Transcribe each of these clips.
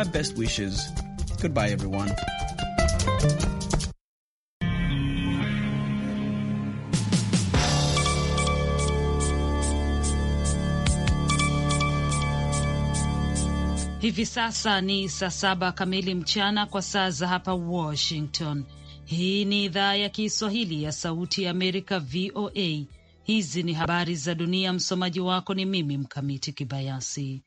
My best wishes. Goodbye, everyone. Hivi sasa ni saa saba kamili mchana kwa saa za hapa Washington. Hii ni idhaa ya Kiswahili ya Sauti ya Amerika, VOA. Hizi ni habari za dunia. Msomaji wako ni mimi Mkamiti Kibayasi.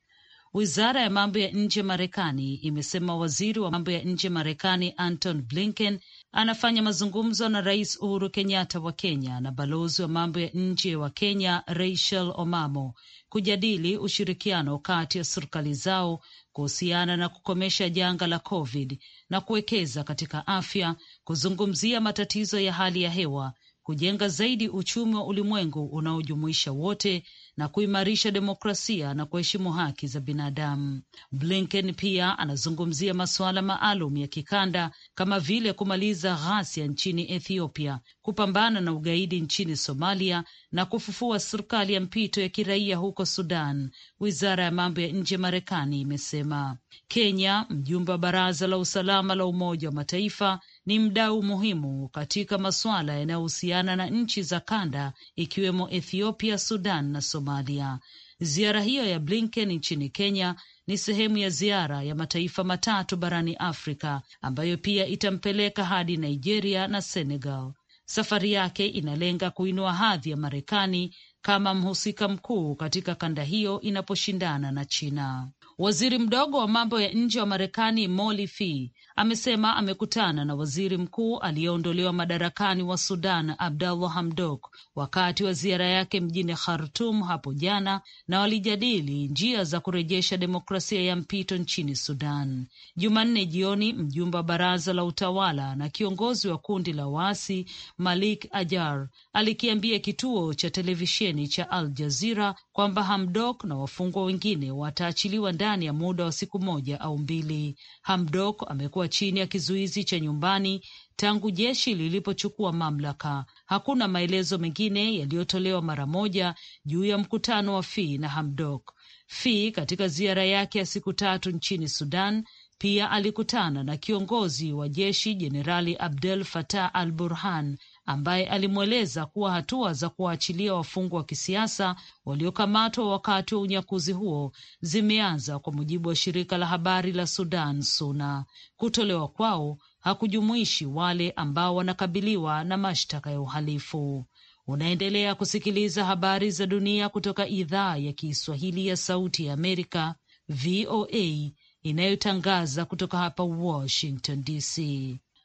Wizara ya mambo ya nje Marekani imesema waziri wa mambo ya nje Marekani Anton Blinken anafanya mazungumzo na Rais Uhuru Kenyatta wa Kenya na balozi wa mambo ya nje wa Kenya Rachel Omamo kujadili ushirikiano kati ya serikali zao kuhusiana na kukomesha janga la COVID na kuwekeza katika afya, kuzungumzia matatizo ya hali ya hewa, kujenga zaidi uchumi wa ulimwengu unaojumuisha wote na kuimarisha demokrasia na kuheshimu haki za binadamu. Blinken pia anazungumzia masuala maalum ya kikanda kama vile kumaliza ghasia nchini Ethiopia, kupambana na ugaidi nchini Somalia na kufufua serikali ya mpito ya kiraia huko Sudan, wizara ya mambo ya nje ya Marekani imesema. Kenya, mjumbe wa baraza la usalama la Umoja wa Mataifa ni mdau muhimu katika masuala yanayohusiana na nchi za kanda ikiwemo Ethiopia, Sudan na Somalia. Ziara hiyo ya Blinken nchini Kenya ni sehemu ya ziara ya mataifa matatu barani Afrika ambayo pia itampeleka hadi Nigeria na Senegal. Safari yake inalenga kuinua hadhi ya Marekani kama mhusika mkuu katika kanda hiyo inaposhindana na China. Waziri mdogo wa mambo ya nje wa Marekani Molly Fee amesema amekutana na waziri mkuu aliyeondolewa madarakani wa Sudan Abdallah Hamdok wakati wa ziara yake mjini Khartum hapo jana, na walijadili njia za kurejesha demokrasia ya mpito nchini Sudan. Jumanne jioni, mjumbe wa baraza la utawala na kiongozi wa kundi la waasi Malik Ajar alikiambia kituo cha televisheni cha Al Jazira kwamba Hamdok na wafungwa wengine wataachiliwa ndani ya muda wa siku moja au mbili. Hamdok amekuwa chini ya kizuizi cha nyumbani tangu jeshi lilipochukua mamlaka. Hakuna maelezo mengine yaliyotolewa mara moja juu ya mkutano wa Fii na Hamdok. Fii katika ziara yake ya siku tatu nchini Sudan pia alikutana na kiongozi wa jeshi Jenerali Abdel Fattah al Burhan ambaye alimweleza kuwa hatua za kuwaachilia wafungwa wa kisiasa waliokamatwa wakati wa unyakuzi huo zimeanza, kwa mujibu wa shirika la habari la Sudan SUNA. Kutolewa kwao hakujumuishi wale ambao wanakabiliwa na mashtaka ya uhalifu. Unaendelea kusikiliza habari za dunia kutoka idhaa ya Kiswahili ya Sauti ya Amerika, VOA, inayotangaza kutoka hapa Washington DC.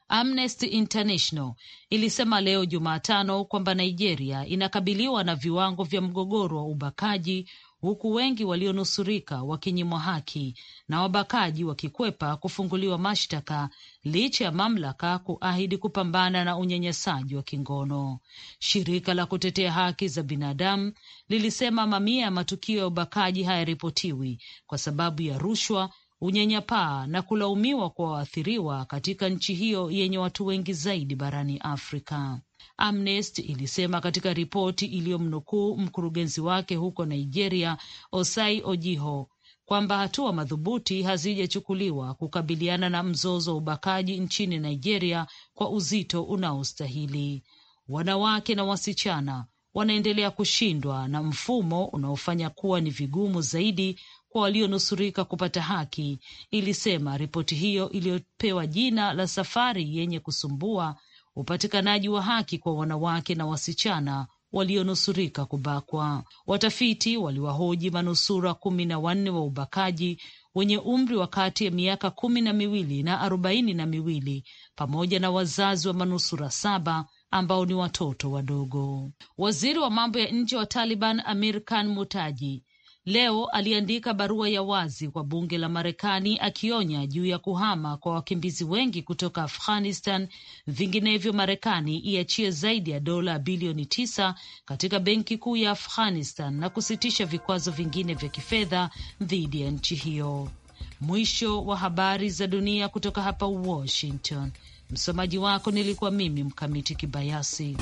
Amnesty International ilisema leo Jumatano kwamba Nigeria inakabiliwa na viwango vya mgogoro wa ubakaji huku wengi walionusurika wakinyimwa haki na wabakaji wakikwepa kufunguliwa mashtaka licha ya mamlaka kuahidi kupambana na unyanyasaji wa kingono. Shirika la kutetea haki za binadamu lilisema mamia ya matukio ya ubakaji hayaripotiwi kwa sababu ya rushwa unyanyapaa na kulaumiwa kwa waathiriwa katika nchi hiyo yenye watu wengi zaidi barani Afrika. Amnesty ilisema katika ripoti iliyomnukuu mkurugenzi wake huko Nigeria, Osai Ojiho, kwamba hatua madhubuti hazijachukuliwa kukabiliana na mzozo wa ubakaji nchini Nigeria kwa uzito unaostahili. Wanawake na wasichana wanaendelea kushindwa na mfumo unaofanya kuwa ni vigumu zaidi kwa walionusurika kupata haki, ilisema ripoti hiyo iliyopewa jina la Safari yenye Kusumbua, upatikanaji wa haki kwa wanawake na wasichana walionusurika kubakwa. Watafiti waliwahoji manusura kumi na wanne wa ubakaji wenye umri wa kati ya miaka kumi na miwili na arobaini na miwili pamoja na wazazi wa manusura saba ambao ni watoto wadogo. Waziri wa mambo ya nje wa Taliban Amir Khan Mutaji leo aliandika barua ya wazi kwa bunge la Marekani akionya juu ya kuhama kwa wakimbizi wengi kutoka Afghanistan, vinginevyo Marekani iachie zaidi ya dola bilioni tisa katika benki kuu ya Afghanistan na kusitisha vikwazo vingine vya kifedha dhidi ya nchi hiyo. Mwisho wa habari za dunia kutoka hapa Washington. Msomaji wako nilikuwa mimi Mkamiti Kibayasi.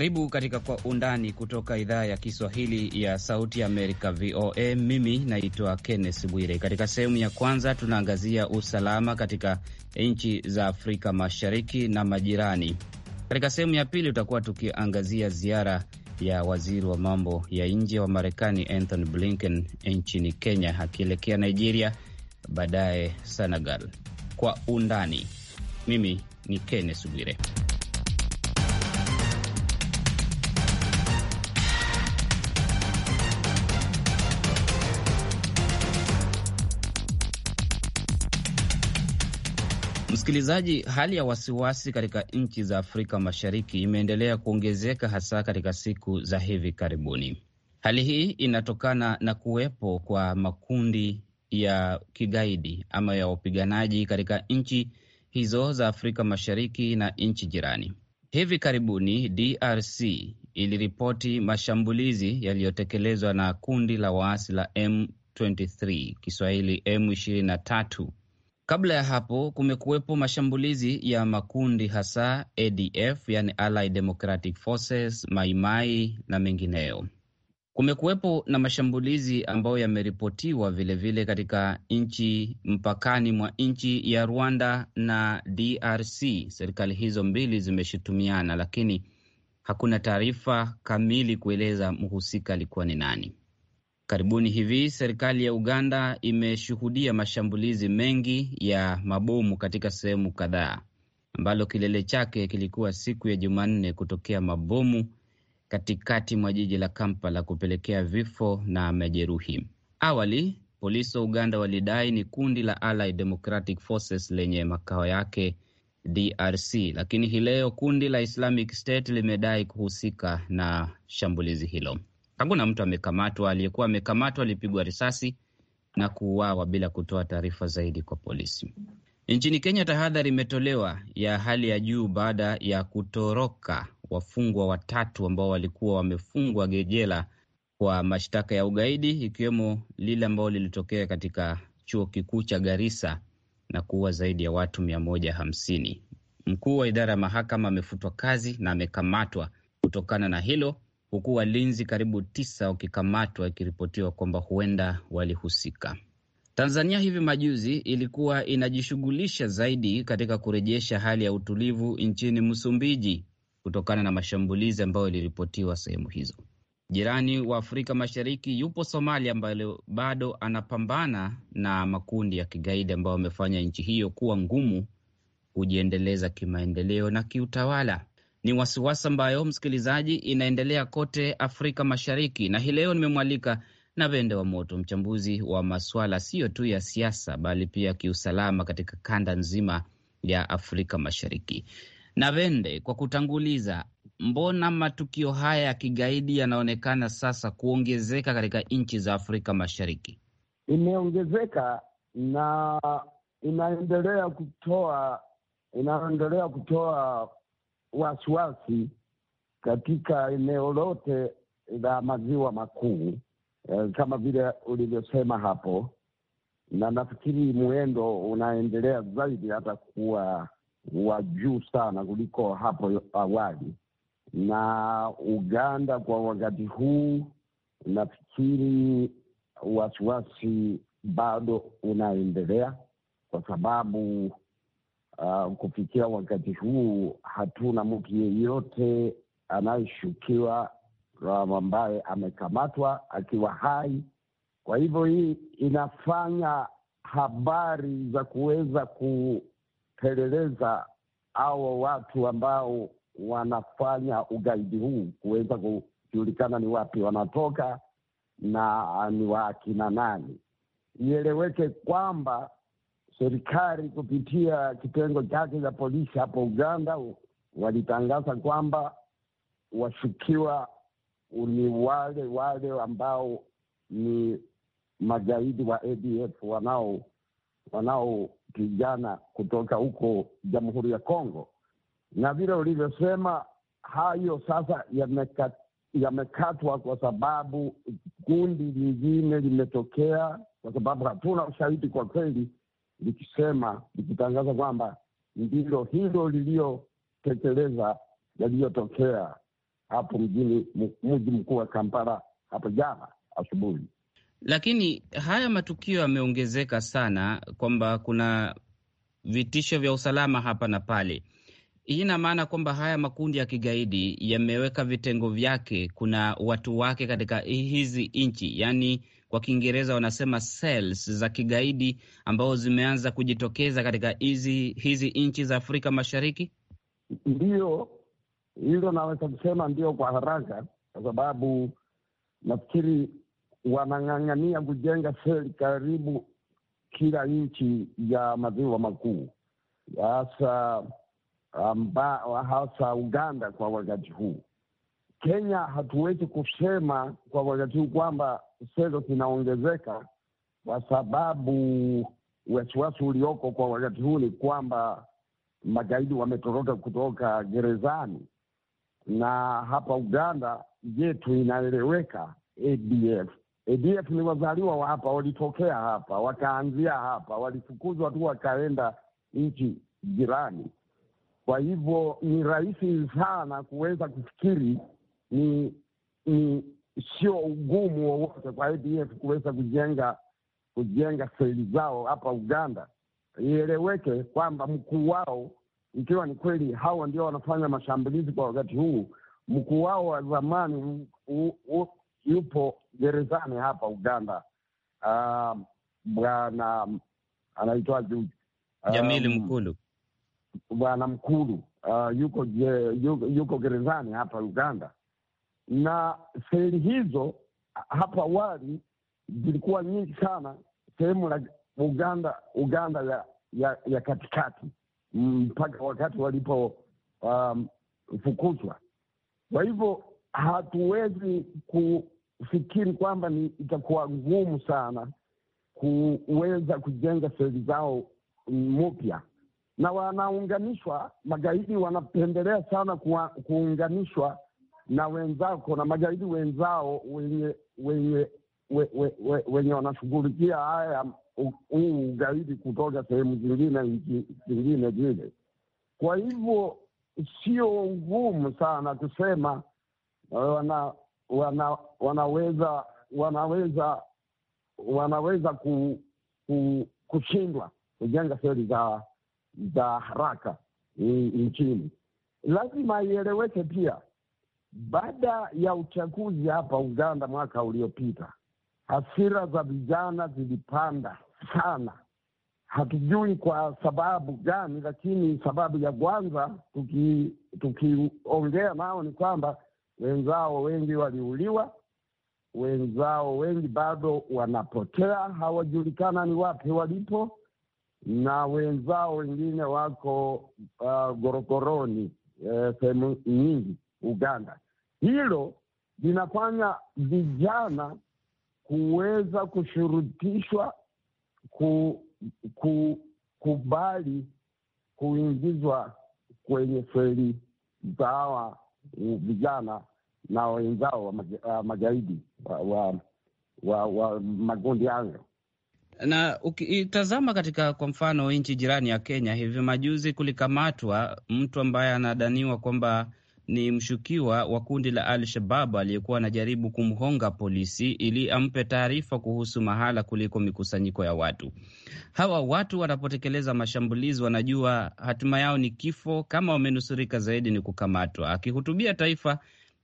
Karibu katika Kwa Undani kutoka idhaa ya Kiswahili ya Sauti ya Amerika, VOA. Mimi naitwa Kenneth Bwire. Katika sehemu ya kwanza, tunaangazia usalama katika nchi za Afrika Mashariki na majirani. Katika sehemu ya pili, tutakuwa tukiangazia ziara ya waziri wa mambo ya nje wa Marekani Anthony Blinken nchini Kenya, akielekea Nigeria, baadaye Senegal. Kwa Undani, mimi ni Kenneth Bwire. Msikilizaji, hali ya wasiwasi katika nchi za Afrika Mashariki imeendelea kuongezeka hasa katika siku za hivi karibuni. Hali hii inatokana na kuwepo kwa makundi ya kigaidi ama ya wapiganaji katika nchi hizo za Afrika Mashariki na nchi jirani. Hivi karibuni DRC iliripoti mashambulizi yaliyotekelezwa na kundi la waasi la M23 Kiswahili M23 Kabla ya hapo kumekuwepo mashambulizi ya makundi hasa ADF, yani Allied Democratic Forces, Maimai na mengineyo. Kumekuwepo na mashambulizi ambayo yameripotiwa vilevile katika nchi mpakani mwa nchi ya Rwanda na DRC. Serikali hizo mbili zimeshutumiana, lakini hakuna taarifa kamili kueleza mhusika alikuwa ni nani. Karibuni hivi serikali ya Uganda imeshuhudia mashambulizi mengi ya mabomu katika sehemu kadhaa, ambalo kilele chake kilikuwa siku ya Jumanne kutokea mabomu katikati mwa jiji la Kampala kupelekea vifo na majeruhi. Awali polisi wa Uganda walidai ni kundi la Allied Democratic Forces lenye makao yake DRC, lakini hii leo kundi la Islamic State limedai kuhusika na shambulizi hilo. Hakuna mtu amekamatwa. Aliyekuwa amekamatwa alipigwa risasi na kuuawa bila kutoa taarifa zaidi kwa polisi. Nchini Kenya, tahadhari imetolewa ya hali ya juu baada ya kutoroka wafungwa watatu ambao walikuwa wamefungwa gejela kwa mashtaka ya ugaidi, ikiwemo lile ambalo lilitokea katika chuo kikuu cha Garissa na kuua zaidi ya watu mia moja hamsini. Mkuu wa idara ya mahakama amefutwa kazi na amekamatwa kutokana na hilo huku walinzi karibu tisa wakikamatwa, ikiripotiwa kwamba huenda walihusika. Tanzania hivi majuzi ilikuwa inajishughulisha zaidi katika kurejesha hali ya utulivu nchini Msumbiji kutokana na mashambulizi ambayo iliripotiwa sehemu hizo. Jirani wa Afrika Mashariki yupo Somalia, ambayo bado anapambana na makundi ya kigaidi ambayo wamefanya nchi hiyo kuwa ngumu kujiendeleza kimaendeleo na kiutawala. Ni wasiwasi ambayo msikilizaji, inaendelea kote Afrika Mashariki, na hii leo nimemwalika na Vende wa Moto, mchambuzi wa maswala siyo tu ya siasa, bali pia kiusalama katika kanda nzima ya Afrika Mashariki. Na Vende, kwa kutanguliza, mbona matukio haya ya kigaidi yanaonekana sasa kuongezeka katika nchi za Afrika Mashariki? Imeongezeka na inaendelea kutoa inaendelea kutoa wasiwasi katika eneo lote la maziwa makuu eh, kama vile ulivyosema hapo, na nafikiri mwendo unaendelea zaidi hata kuwa wa juu sana kuliko hapo awali. Na Uganda kwa wakati huu, nafikiri wasiwasi bado unaendelea kwa sababu Uh, ah, kufikia wakati huu hatuna mtu yeyote anayeshukiwa ambaye amekamatwa akiwa hai. Kwa hivyo hii inafanya habari za kuweza kupeleleza hao watu ambao wanafanya ugaidi huu kuweza kujulikana ni wapi wanatoka na ni wakina nani. Ieleweke kwamba serikali kupitia kitengo chake cha polisi hapo Uganda walitangaza kwamba washukiwa ni wale wale ambao ni magaidi wa ADF wanao wanaopigana kutoka huko Jamhuri ya Kongo, na vile ulivyosema, hayo sasa yamekatwa kwa sababu kundi lingine limetokea, kwa sababu hatuna ushahidi kwa kweli likisema likitangaza kwamba ndilo hilo liliyotekeleza yaliyotokea hapo mjini mji mkuu wa Kampala hapo jana asubuhi. Lakini haya matukio yameongezeka sana, kwamba kuna vitisho vya usalama hapa na pale. Hii ina maana kwamba haya makundi ya kigaidi yameweka vitengo vyake, kuna watu wake katika hizi nchi, yaani kwa Kiingereza wanasema cells za kigaidi ambao zimeanza kujitokeza katika hizi hizi nchi za Afrika Mashariki. Ndiyo, hilo naweza kusema ndio kwa haraka, kwa sababu nafikiri wanang'ang'ania kujenga seli karibu kila nchi ya maziwa makuu hasa amba, hasa Uganda kwa wakati huu. Kenya hatuwezi kusema kwa wakati huu kwamba fedha zinaongezeka kwa sababu wasiwasi ulioko kwa wakati huu ni kwamba magaidi wametoroka kutoka gerezani, na hapa Uganda yetu inaeleweka. ADF ADF ni wazaliwa wa hapa, walitokea hapa, wakaanzia hapa, walifukuzwa tu wakaenda nchi jirani. Kwa hivyo ni rahisi sana kuweza kufikiri ni, ni sio ugumu wowote kwa ADF kuweza kujenga kujenga seli zao hapa Uganda. Ieleweke kwamba mkuu wao, ikiwa ni kweli hawa ndio wanafanya mashambulizi kwa wakati huu, mkuu wao wa zamani yupo gerezani hapa Uganda. Uh, bwana anaitwa Jamili Mkulu. Um, bwana Mkulu uh, yuko, yuko yuko gerezani hapa Uganda, na seli hizo hapo awali zilikuwa nyingi sana sehemu la Uganda Uganda ya, ya, ya katikati mm, mpaka wakati walipofukuzwa. Um, kwa hivyo hatuwezi kufikiri kwamba ni itakuwa ngumu sana kuweza kujenga seli zao mpya na wanaunganishwa. Magaidi wanapendelea sana kuwa, kuunganishwa na wenzako na magaidi wenzao wenye wenye we, we, we, wenye wanashughulikia haya huu ugaidi kutoka sehemu zingine zingine zile. Kwa hivyo sio ngumu sana kusema eh, wana, wana, wanaweza wanaweza wanaweza ku, ku, kushindwa kujenga seli za za haraka nchini. Lazima ieleweke pia, baada ya uchaguzi hapa Uganda mwaka uliopita, hasira za vijana zilipanda sana. Hatujui kwa sababu gani, lakini sababu ya kwanza tukiongea tuki nao ni kwamba wenzao wengi waliuliwa, wenzao wengi bado wanapotea, hawajulikana ni wapi walipo na wenzao wengine wako uh, gorokoroni uh, sehemu nyingi Uganda. Hilo linafanya vijana kuweza kushurutishwa ku, ku, kubali kuingizwa kwenye feli za hawa vijana na wenzao wa magaidi uh, wa, wa, wa, wa makundi hayo na ukitazama katika kwa mfano nchi jirani ya Kenya, hivi majuzi kulikamatwa mtu ambaye anadaniwa kwamba ni mshukiwa wa kundi la Al Shabab aliyekuwa anajaribu kumhonga polisi ili ampe taarifa kuhusu mahala kuliko mikusanyiko ya watu. Hawa watu wanapotekeleza mashambulizi, wanajua hatima yao ni kifo, kama wamenusurika zaidi ni kukamatwa. Akihutubia taifa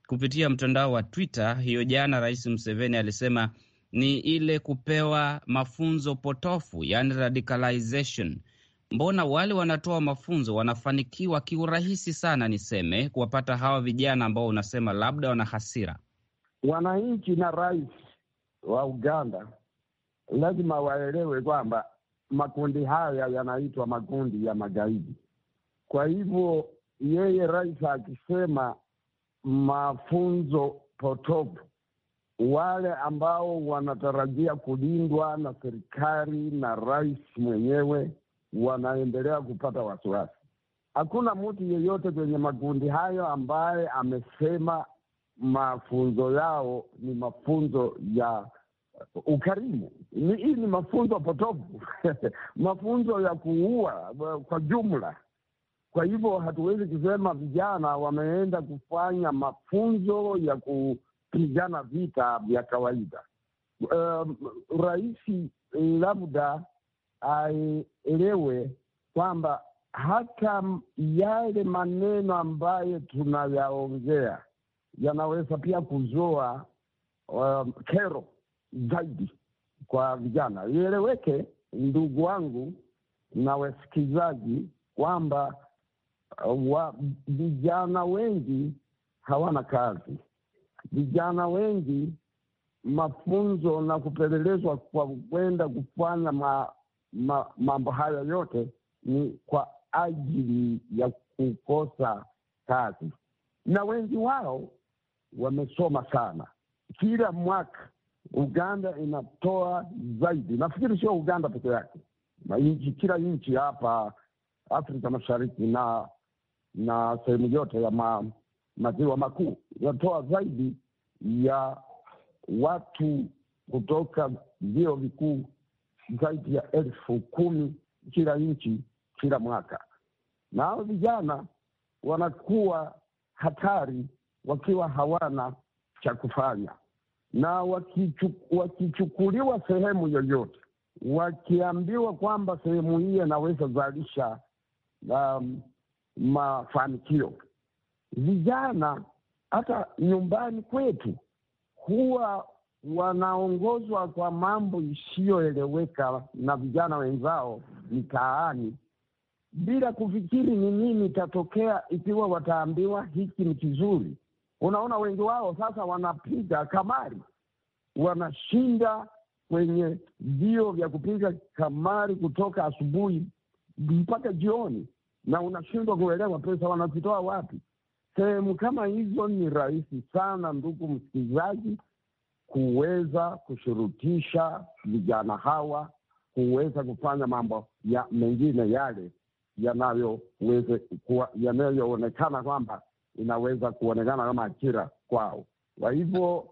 kupitia mtandao wa Twitter hiyo jana, Rais Museveni alisema ni ile kupewa mafunzo potofu, yani radicalization. Mbona wale wanatoa mafunzo wanafanikiwa kiurahisi sana, niseme kuwapata hawa vijana ambao unasema labda wana hasira? Wananchi na rais wa Uganda lazima waelewe kwamba makundi haya yanaitwa makundi ya magaidi. Kwa hivyo yeye rais akisema mafunzo potofu wale ambao wanatarajia kulindwa na serikali na rais mwenyewe wanaendelea kupata wasiwasi. Hakuna mtu yeyote kwenye makundi hayo ambaye amesema mafunzo yao ni mafunzo ya ukarimu. Hii ni mafunzo potofu mafunzo ya kuua kwa jumla. Kwa hivyo hatuwezi kusema vijana wameenda kufanya mafunzo ya ku kupigana vita vya kawaida. Um, rais labda aelewe kwamba hata yale maneno ambayo tunayaongea yanaweza pia kuzoa um, kero zaidi kwa vijana. Ieleweke ndugu wangu na wasikizaji kwamba uh, wa, vijana wengi hawana kazi vijana wengi mafunzo na kupelelezwa kwa kwenda kufanya ma, ma, mambo haya yote ni kwa ajili ya kukosa kazi, na wengi wao wamesoma sana. Kila mwaka Uganda inatoa zaidi, nafikiri sio Uganda peke yake, nchi kila nchi hapa Afrika Mashariki na na sehemu yote ya ma, maziwa makuu, inatoa zaidi ya watu kutoka vyuo vikuu zaidi ya elfu kumi kila nchi kila mwaka, na hao vijana wanakuwa hatari wakiwa hawana cha kufanya, na wakichukuliwa sehemu yoyote, wakiambiwa kwamba sehemu hii inaweza zalisha um, mafanikio vijana hata nyumbani kwetu huwa wanaongozwa kwa mambo isiyoeleweka na vijana wenzao mitaani bila kufikiri ni nini itatokea ikiwa wataambiwa hiki ni kizuri. Unaona, wengi wao sasa wanapiga kamari, wanashinda kwenye vio vya kupiga kamari kutoka asubuhi mpaka jioni, na unashindwa kuelewa pesa wanazitoa wapi. Sehemu kama hizo ni rahisi sana, ndugu msikilizaji, kuweza kushurutisha vijana hawa kuweza kufanya mambo ya mengine yale yanayoonekana kwamba inaweza kuonekana kama ajira kwao. Kwa hivyo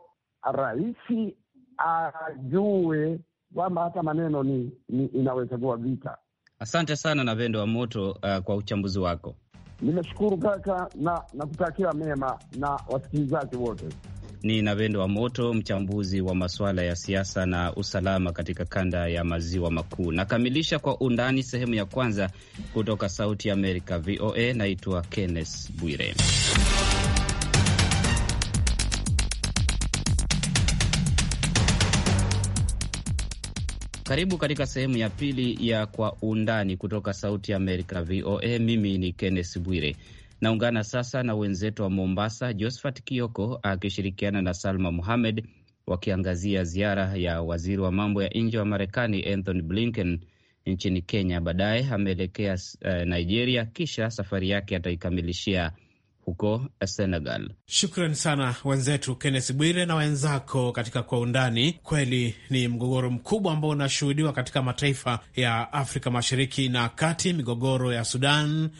rahisi ajue kwamba hata maneno ni, ni inaweza kuwa vita. Asante sana na vendo wa Moto uh, kwa uchambuzi wako. Nimeshukuru kaka, na nakutakia mema na wasikilizaji wote. Ni Navendo wa Moto, mchambuzi wa masuala ya siasa na usalama katika kanda ya maziwa makuu. Nakamilisha kwa undani sehemu ya kwanza kutoka Sauti ya Amerika, VOA. Naitwa Kenneth Bwire. Karibu katika sehemu ya pili ya Kwa Undani kutoka Sauti ya Amerika, VOA. Mimi ni Kenneth Bwire. Naungana sasa na wenzetu wa Mombasa, Josphat Kioko akishirikiana na Salma Muhamed wakiangazia ziara ya waziri wa mambo ya nje wa Marekani Anthony Blinken nchini Kenya. Baadaye ameelekea uh, Nigeria, kisha safari yake ataikamilishia huko Senegal. Shukran sana wenzetu Kennes Bwire na wenzako katika Kwa Undani. Kweli ni mgogoro mkubwa ambao unashuhudiwa katika mataifa ya Afrika Mashariki na Kati, migogoro ya Sudan,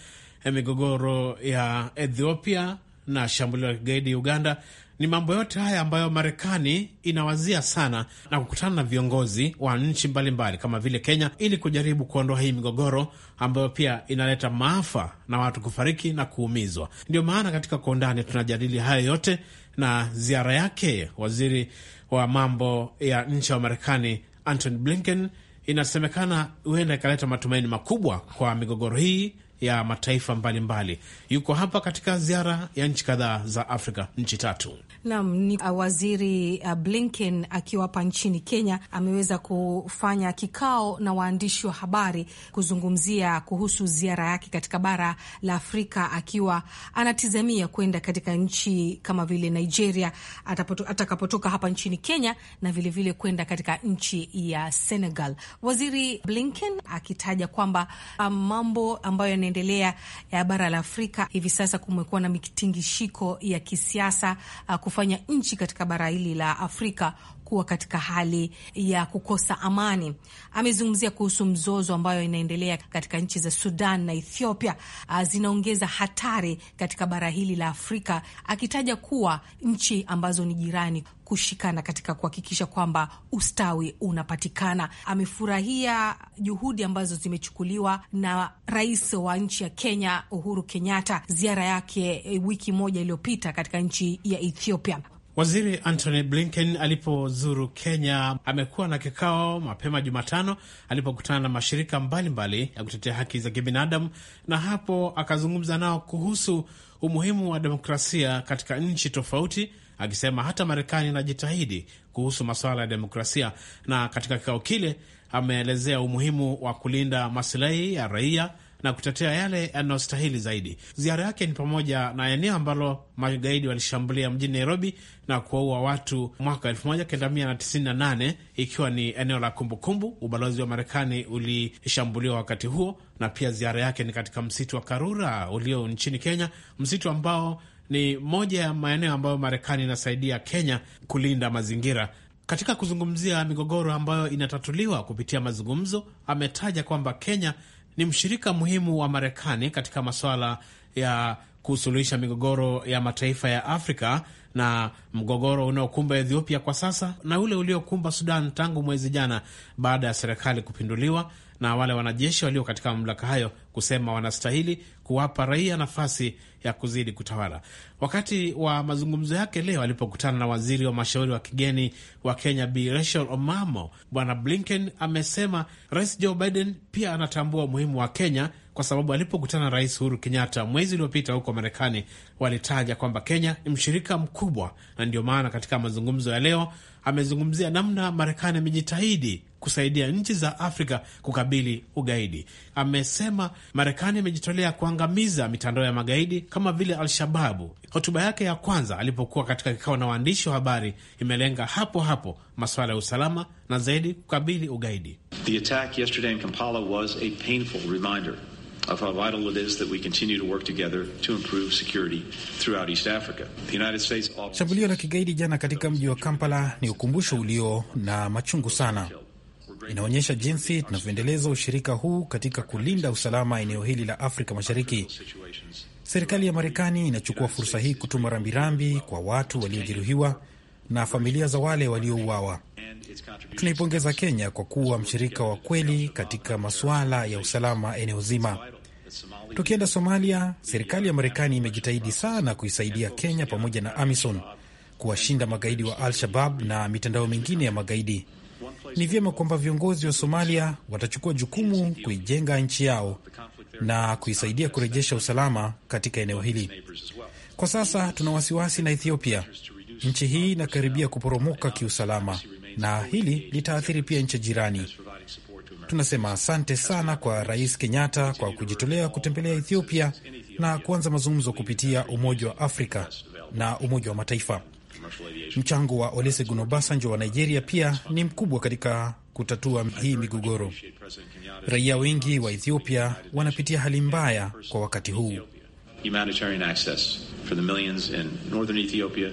migogoro ya Ethiopia na shambulio la kigaidi Uganda ni mambo yote haya ambayo Marekani inawazia sana na kukutana na viongozi wa nchi mbalimbali kama vile Kenya ili kujaribu kuondoa hii migogoro ambayo pia inaleta maafa na watu kufariki na kuumizwa. Ndio maana katika Kwa Undani tunajadili hayo yote na ziara yake waziri wa mambo ya nchi wa Marekani Antony Blinken inasemekana huenda ikaleta matumaini makubwa kwa migogoro hii ya mataifa mbalimbali mbali. Yuko hapa katika ziara ya nchi kadhaa za Afrika, nchi tatu. Naam, ni waziri uh, Blinken akiwa hapa nchini Kenya ameweza kufanya kikao na waandishi wa habari kuzungumzia kuhusu ziara yake katika bara la Afrika, akiwa anatizamia kwenda katika nchi kama vile Nigeria atakapotoka hapa nchini Kenya na vilevile kwenda katika nchi ya Senegal. Waziri Blinken akitaja kwamba uh, mambo ambayo yanaendelea yanaendelea ya bara la Afrika. Hivi sasa kumekuwa na mitingishiko ya kisiasa ah, kufanya nchi katika bara hili la Afrika kuwa katika hali ya kukosa amani. Amezungumzia kuhusu mzozo ambayo inaendelea katika nchi za Sudan na Ethiopia ah, zinaongeza hatari katika bara hili la Afrika, akitaja kuwa nchi ambazo ni jirani kushikana katika kuhakikisha kwamba ustawi unapatikana. Amefurahia juhudi ambazo zimechukuliwa na rais wa nchi ya Kenya Uhuru Kenyatta, ziara yake eh, wiki moja iliyopita katika nchi ya Ethiopia. Waziri Antony Blinken alipozuru Kenya amekuwa na kikao mapema Jumatano alipokutana na mashirika mbalimbali mbali ya kutetea haki za kibinadamu, na hapo akazungumza nao kuhusu umuhimu wa demokrasia katika nchi tofauti, akisema hata Marekani inajitahidi kuhusu masuala ya demokrasia. Na katika kikao kile ameelezea umuhimu wa kulinda masilahi ya raia na kutetea yale yanayostahili zaidi. Ziara yake ni pamoja na eneo ambalo magaidi walishambulia mjini Nairobi na kuwaua watu mwaka 1998 ikiwa ni eneo la kumbukumbu. Ubalozi wa Marekani ulishambuliwa wakati huo, na pia ziara yake ni katika msitu wa Karura ulio nchini Kenya, msitu ambao ni moja ya maeneo ambayo Marekani inasaidia Kenya kulinda mazingira. Katika kuzungumzia migogoro ambayo inatatuliwa kupitia mazungumzo, ametaja kwamba Kenya ni mshirika muhimu wa Marekani katika masuala ya kusuluhisha migogoro ya mataifa ya Afrika, na mgogoro unaokumba Ethiopia kwa sasa na ule uliokumba Sudan tangu mwezi jana baada ya serikali kupinduliwa na wale wanajeshi walio katika mamlaka hayo kusema wanastahili kuwapa raia nafasi ya kuzidi kutawala. Wakati wa mazungumzo yake leo alipokutana na waziri wa mashauri wa kigeni wa Kenya Bi Rachel Omamo, Bwana Blinken amesema Rais Joe Biden pia anatambua umuhimu wa Kenya kwa sababu alipokutana na Rais Uhuru Kenyatta mwezi uliopita huko Marekani, walitaja kwamba Kenya ni mshirika mkubwa, na ndio maana katika mazungumzo ya leo amezungumzia namna Marekani amejitahidi kusaidia nchi za Afrika kukabili ugaidi. Amesema Marekani imejitolea kuangamiza mitandao ya magaidi kama vile Al-Shababu. Hotuba yake ya kwanza alipokuwa katika kikao na waandishi wa habari imelenga hapo hapo masuala ya usalama na zaidi kukabili ugaidi. The attack yesterday in Kampala was a painful reminder of how vital it is that we continue to work together to improve security throughout East Africa. The United States... Shambulio la kigaidi jana katika mji wa Kampala ni ukumbusho ulio na machungu sana inaonyesha jinsi tunavyoendeleza ushirika huu katika kulinda usalama eneo hili la Afrika Mashariki. Serikali ya Marekani inachukua fursa hii kutuma rambirambi kwa watu waliojeruhiwa na familia za wale waliouawa. Tunaipongeza Kenya kwa kuwa mshirika wa kweli katika masuala ya usalama eneo zima. Tukienda Somalia, serikali ya Marekani imejitahidi sana kuisaidia Kenya pamoja na AMISON kuwashinda magaidi wa Al-Shabab na mitandao mingine ya magaidi ni vyema kwamba viongozi wa Somalia watachukua jukumu kuijenga nchi yao na kuisaidia kurejesha usalama katika eneo hili. Kwa sasa tuna wasiwasi na Ethiopia. Nchi hii inakaribia kuporomoka kiusalama, na hili litaathiri pia nchi jirani. Tunasema asante sana kwa Rais Kenyatta kwa kujitolea kutembelea Ethiopia na kuanza mazungumzo kupitia Umoja wa Afrika na Umoja wa Mataifa. Mchango wa Olusegun Obasanjo wa Nigeria pia ni mkubwa katika kutatua hii migogoro. Raia wengi wa Ethiopia wanapitia hali mbaya kwa wakati huu. Humanitarian access for the millions in northern Ethiopia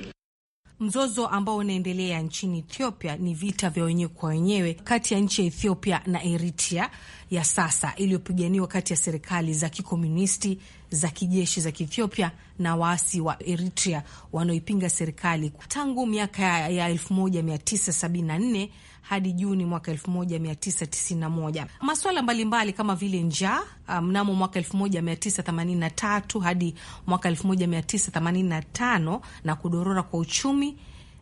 Mzozo ambao unaendelea nchini Ethiopia ni vita vya wenyewe kwa wenyewe kati ya nchi ya Ethiopia na Eritrea ya sasa iliyopiganiwa kati ya serikali za kikomunisti za kijeshi za Kiethiopia na waasi wa Eritrea wanaoipinga serikali tangu miaka ya 1974 hadi Juni mwaka 1991. maswala mbalimbali kama vile njaa ah, mnamo um, mwaka 1983 hadi mwaka 1985 na kudorora kwa uchumi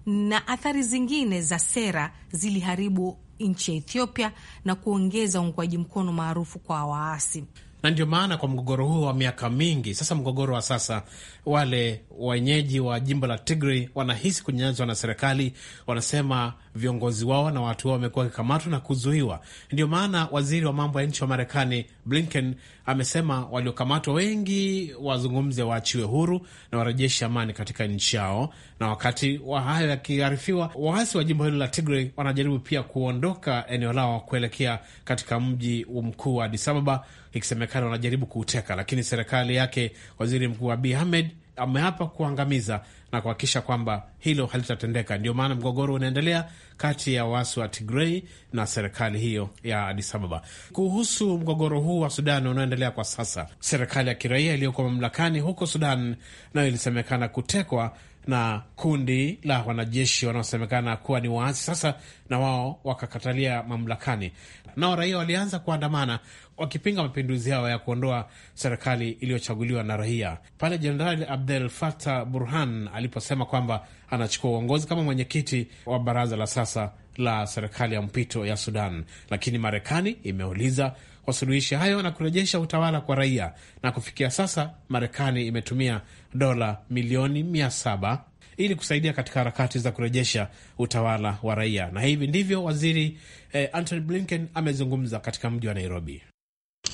na athari zingine za sera ziliharibu nchi ya Ethiopia na kuongeza uungwaji mkono maarufu kwa waasi na ndio maana kwa mgogoro huo wa miaka mingi sasa, mgogoro wa sasa, wale wenyeji wa jimbo la Tigray wanahisi kunyanyazwa na serikali. Wanasema viongozi wao na watu wao wamekuwa wakikamatwa na kuzuiwa. Ndio maana waziri wa mambo ya nchi wa Marekani Blinken amesema waliokamatwa wengi wazungumze, waachiwe huru na warejeshe amani katika nchi yao. Na wakati wa hayo yakiarifiwa, waasi wa jimbo hilo la Tigray wanajaribu pia kuondoka eneo lao kuelekea katika mji mkuu wa Addis Ababa, ikisemekana wanajaribu kuuteka, lakini serikali yake waziri mkuu Abiy Ahmed ameapa kuangamiza na kuhakikisha kwamba hilo halitatendeka. Ndio maana mgogoro unaendelea kati ya waasi wa Tigrei na serikali hiyo ya Adis Ababa. Kuhusu mgogoro huu wa Sudan unaoendelea kwa sasa, serikali ya kiraia iliyokuwa mamlakani huko Sudan nayo ilisemekana kutekwa na kundi la wanajeshi wanaosemekana kuwa ni waasi sasa, na wao wakakatalia mamlakani, nao raia walianza kuandamana wakipinga mapinduzi hayo ya kuondoa serikali iliyochaguliwa na raia, pale Jenerali Abdel Fattah Burhan aliposema kwamba anachukua uongozi kama mwenyekiti wa baraza la sasa la serikali ya mpito ya Sudan, lakini Marekani imeuliza wasuluhishi hayo na kurejesha utawala kwa raia, na kufikia sasa Marekani imetumia dola milioni mia saba ili kusaidia katika harakati za kurejesha utawala wa raia, na hivi ndivyo waziri eh, Antony Blinken amezungumza katika mji wa Nairobi.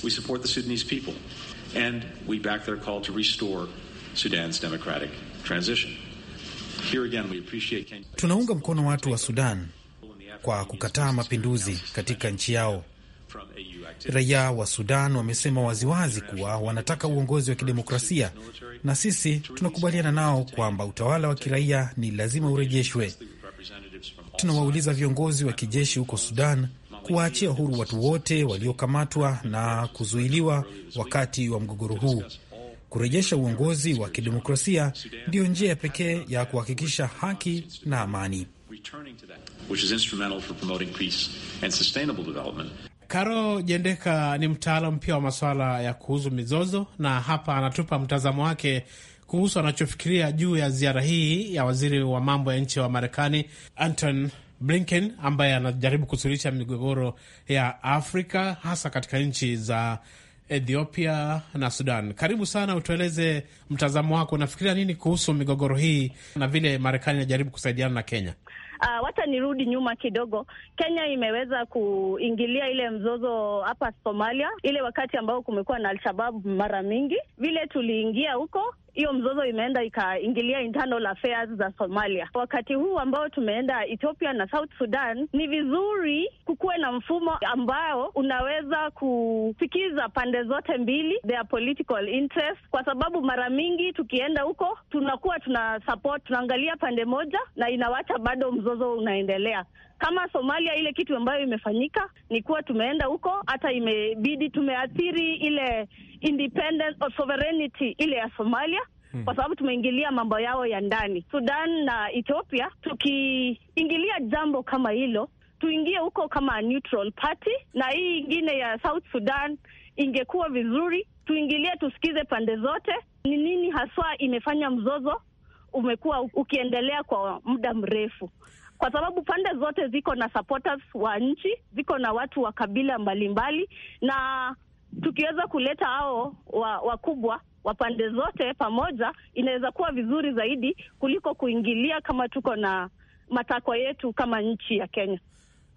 We support the Sudanese people, and we back their call to restore Sudan's democratic transition. Here again, we appreciate Kenya. Tunaunga mkono watu wa Sudan kwa kukataa mapinduzi katika nchi yao. Raia wa Sudan wamesema waziwazi kuwa wanataka uongozi wa kidemokrasia, na sisi tunakubaliana nao kwamba utawala wa kiraia ni lazima urejeshwe. Tunawauliza viongozi wa kijeshi huko Sudan kuwaachia huru watu wote waliokamatwa na kuzuiliwa wakati wa mgogoro huu. Kurejesha uongozi wa kidemokrasia ndiyo njia pekee ya kuhakikisha haki na amani. Karo Jendeka ni mtaalamu pia wa masuala ya kuhusu mizozo, na hapa anatupa mtazamo wake kuhusu anachofikiria juu ya ziara hii ya waziri wa mambo ya nje wa Marekani Anton Blinken ambaye anajaribu kusuluhisha migogoro ya Afrika hasa katika nchi za Ethiopia na Sudan. Karibu sana, utueleze mtazamo wako, unafikiria nini kuhusu migogoro hii na vile Marekani inajaribu kusaidiana na Kenya? Uh, wacha nirudi nyuma kidogo. Kenya imeweza kuingilia ile mzozo hapa Somalia, ile wakati ambao kumekuwa na Alshabab mara mingi, vile tuliingia huko hiyo mzozo imeenda ikaingilia internal affairs za Somalia. Wakati huu ambao tumeenda Ethiopia na South Sudan, ni vizuri kukuwe na mfumo ambao unaweza kusikiza pande zote mbili, their political interest, kwa sababu mara mingi tukienda huko tunakuwa tuna support, tunaangalia pande moja na inawacha bado mzozo unaendelea. Kama Somalia, ile kitu ambayo imefanyika ni kuwa tumeenda huko, hata imebidi tumeathiri ile independence or sovereignty ile ya Somalia hmm. kwa sababu tumeingilia mambo yao ya ndani. Sudan na Ethiopia, tukiingilia jambo kama hilo, tuingie huko kama neutral party, na hii ingine ya South Sudan ingekuwa vizuri tuingilie, tusikize pande zote, ni nini haswa imefanya mzozo umekuwa ukiendelea kwa muda mrefu, kwa sababu pande zote ziko na supporters wa nchi, ziko na watu wa kabila mbalimbali mbali, na tukiweza kuleta hao wakubwa wa, wa pande zote pamoja, inaweza kuwa vizuri zaidi kuliko kuingilia kama tuko na matakwa yetu kama nchi ya Kenya.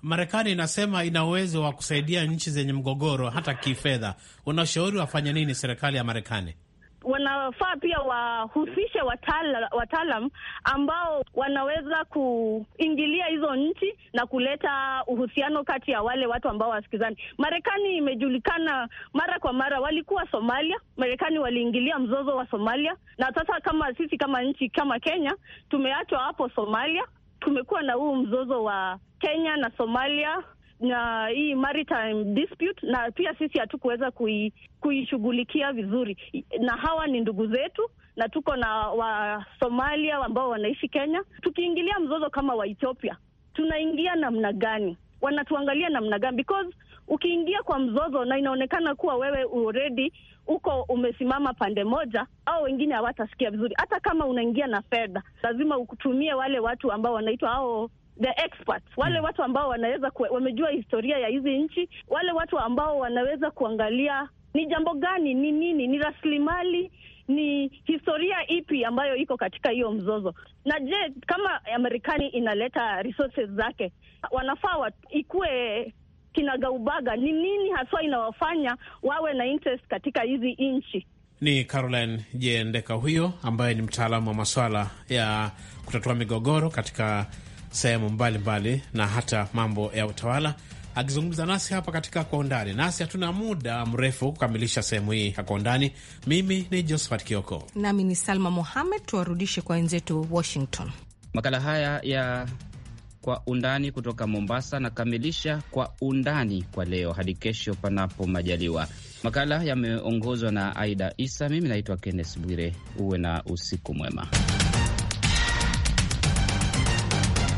Marekani inasema ina uwezo wa kusaidia nchi zenye mgogoro hata kifedha. Unashauri wafanye nini serikali ya Marekani? wanafaa pia wahusishe wataalam wataalam ambao wanaweza kuingilia hizo nchi na kuleta uhusiano kati ya wale watu ambao wasikizani. Marekani imejulikana mara kwa mara, walikuwa Somalia, Marekani waliingilia mzozo wa Somalia, na sasa kama sisi kama nchi kama Kenya tumeachwa hapo Somalia, tumekuwa na huu mzozo wa Kenya na Somalia na hii maritime dispute, na pia sisi hatukuweza kuishughulikia kui vizuri, na hawa ni ndugu zetu na tuko na Wasomalia ambao wanaishi Kenya. Tukiingilia mzozo kama wa Ethiopia, tunaingia namna gani? Wanatuangalia namna gani? Because ukiingia kwa mzozo na inaonekana kuwa wewe already uko umesimama pande moja, au wengine hawatasikia vizuri. Hata kama unaingia na fedha, lazima utumie wale watu ambao wanaitwa ao the experts, wale hmm. watu ambao wanaweza wamejua historia ya hizi nchi, wale watu ambao wanaweza kuangalia ni jambo gani, ni nini, ni rasilimali ni historia ipi ambayo iko katika hiyo mzozo, na je, kama Marekani inaleta resources zake, wanafaa ikuwe kinagaubaga, ni nini haswa inawafanya wawe na interest katika hizi nchi? Ni Caroline Jendeka huyo ambaye ni mtaalamu wa maswala ya kutatua migogoro katika sehemu mbalimbali na hata mambo ya utawala, akizungumza nasi hapa katika Kwa Undani. Nasi hatuna muda mrefu kukamilisha sehemu hii ya Kwa Undani. Mimi ni Josephat Kioko nami ni Salma Mohamed. Tuwarudishe kwa wenzetu Washington. Makala haya ya Kwa Undani kutoka Mombasa nakamilisha Kwa Undani kwa leo, hadi kesho, panapo majaliwa. Makala yameongozwa na Aida Isa. Mimi naitwa Kenneth Bwire. Uwe na usiku mwema.